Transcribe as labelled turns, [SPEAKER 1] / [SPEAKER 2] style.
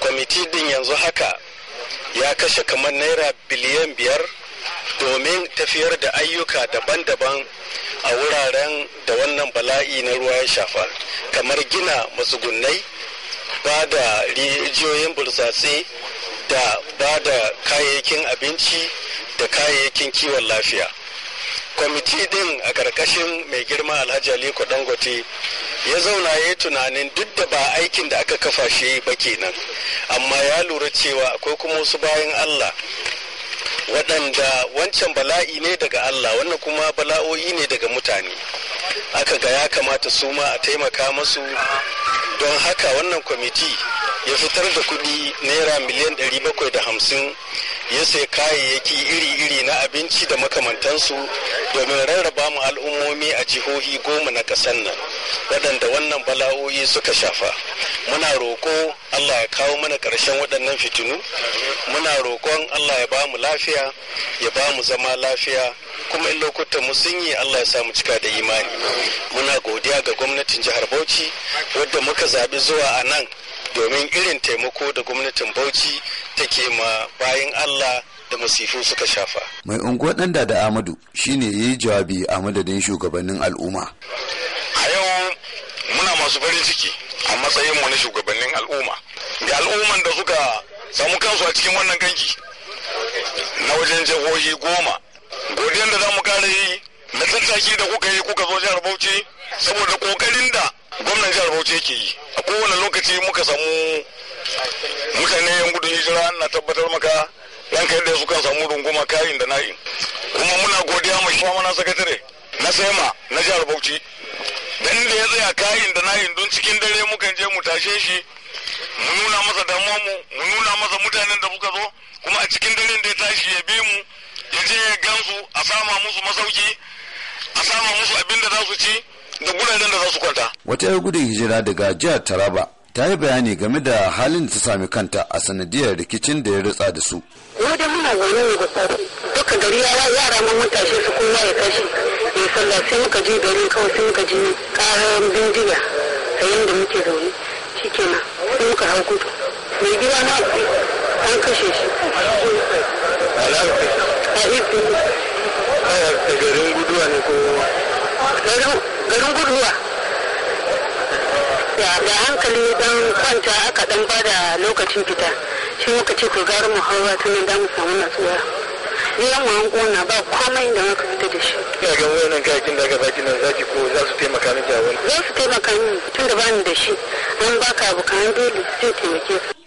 [SPEAKER 1] kwamiti din yanzu haka ya kashe kamar naira biliyan biyar domin tafiyar da ayyuka daban-daban a wuraren da wannan bala'i na ruwa ya shafa kamar gina matsugunai ba da rijiyoyin burtsatse da ba da kayayyakin abinci da kayayyakin kiwon lafiya kwamiti din a ƙarƙashin mai girma alhaji aliko dangote ya zauna ya yi tunanin duk da ba aikin da aka kafa shi ba kenan amma ya lura cewa akwai kuma wasu bayan Allah waɗanda wancan bala'i ne daga Allah wannan kuma bala'o'i ne daga mutane aka ga ya kamata su ma a taimaka masu don haka wannan kwamiti ya fitar da kuɗi naira miliyan 750 ya sai kayayyaki iri-iri na abinci da makamantansu domin rarraba mu al'ummomi a jihohi goma na ƙasar nan waɗanda wannan bala'o'i suka shafa muna roƙo allah ya kawo mana ƙarshen waɗannan fitinu muna roƙon allah ya ba mu lafiya ya ba mu zama lafiya kuma in lokutan mu sun yi allah ya sa mu cika da imani muna godiya ga gwamnatin jihar bauchi wadda muka zaɓi zuwa a nan domin irin taimako da gwamnatin bauchi take ma bayan Allah da masifu suka shafa.
[SPEAKER 2] Mai unguwar ɗan da Amadu shine ya yi jawabi a madadin shugabannin al'umma.
[SPEAKER 3] A yau muna masu farin ciki a matsayinmu na shugabannin al'umma. Da al'umman da suka samu kansu a cikin wannan kanki na wajen jihohi goma. Godiyar da za mu kare yi na tattaki da kuka yi kuka zo jihar Bauchi saboda kokarin da gwamnan jihar Bauchi yake yi. A kowane lokaci muka samu mutane yan gudun hijira na tabbatar maka yan kai da su kan samu runguma kayin da na'in kuma muna godiya ma shi mana sakatare na sema na jihar bauchi dan da ya tsaya kayin da na'in don cikin dare muka je mu tashe shi mu nuna masa damuwa mu mu nuna masa mutanen da suka zo kuma a cikin daren da ya tashi ya bi mu ya je ya gansu a sama musu masauki a sama musu abin za su ci da guraren da za su kwanta
[SPEAKER 2] wata yar gudun hijira daga jihar taraba ta yi bayani game da halin da ta sami kanta a sanadiyar rikicin da ya ritsa da su.
[SPEAKER 3] wajen da muna zaune ne da safe duka gari
[SPEAKER 1] yara mun mun tashe su kuma ya tashi ya sallah sai muka je gari kawai sai muka ji karar bindiga a yadda muke zaune shi kenan sai muka hau gudu mai gida na an kashe shi. A a ifi. Garin guduwa ne ko? Garin guduwa. da da hankali dan kwanta aka dan bada lokacin fita shi muka ce ku gari mu hawa tun da mu samu natsuwa ni yan mu gona ba komai da muka fita da shi ya ga wayannan kayakin da aka baki nan zaki ko za su taimaka miki a wani za su taimaka ni tun da bani da shi an baka abu kan dole sai taimake su